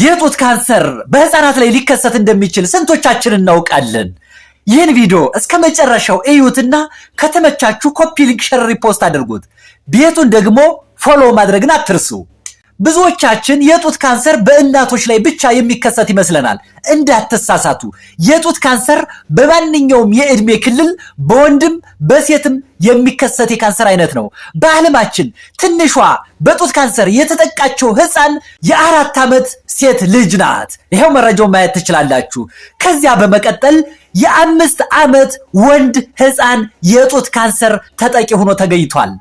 የጡት ካንሰር በህፃናት ላይ ሊከሰት እንደሚችል ስንቶቻችን እናውቃለን? ይህን ቪዲዮ እስከ መጨረሻው እዩትና ከተመቻችሁ ኮፒ፣ ሊንክ፣ ሸር፣ ሪፖስት አድርጉት። ቤቱን ደግሞ ፎሎ ማድረግን አትርሱ። ብዙዎቻችን የጡት ካንሰር በእናቶች ላይ ብቻ የሚከሰት ይመስለናል። እንዳትሳሳቱ። የጡት ካንሰር በማንኛውም የዕድሜ ክልል በወንድም በሴትም የሚከሰት የካንሰር አይነት ነው። በዓለማችን ትንሿ በጡት ካንሰር የተጠቃቸው ህፃን የአራት ዓመት ሴት ልጅ ናት። ይኸው መረጃውን ማየት ትችላላችሁ። ከዚያ በመቀጠል የአምስት ዓመት ወንድ ህፃን የጡት ካንሰር ተጠቂ ሆኖ ተገኝቷል።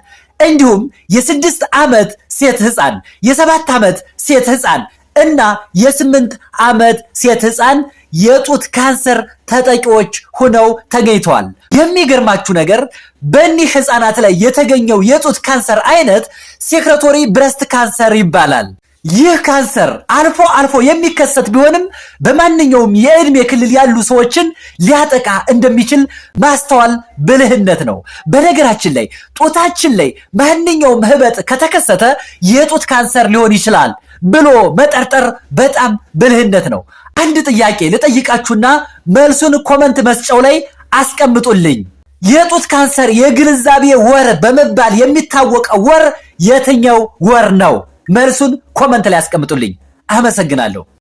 እንዲሁም የስድስት ዓመት ሴት ህፃን የሰባት ዓመት ሴት ህፃን። እና የስምንት ዓመት ሴት ህፃን የጡት ካንሰር ተጠቂዎች ሆነው ተገኝተዋል። የሚገርማችሁ ነገር በእኒህ ህፃናት ላይ የተገኘው የጡት ካንሰር አይነት ሴክረቶሪ ብረስት ካንሰር ይባላል። ይህ ካንሰር አልፎ አልፎ የሚከሰት ቢሆንም በማንኛውም የዕድሜ ክልል ያሉ ሰዎችን ሊያጠቃ እንደሚችል ማስተዋል ብልህነት ነው። በነገራችን ላይ ጡታችን ላይ ማንኛውም ህበጥ ከተከሰተ የጡት ካንሰር ሊሆን ይችላል ብሎ መጠርጠር በጣም ብልህነት ነው። አንድ ጥያቄ ልጠይቃችሁና መልሱን ኮመንት መስጫው ላይ አስቀምጡልኝ። የጡት ካንሰር የግንዛቤ ወር በመባል የሚታወቀው ወር የትኛው ወር ነው? መልሱን ኮመንት ላይ ያስቀምጡልኝ። አመሰግናለሁ።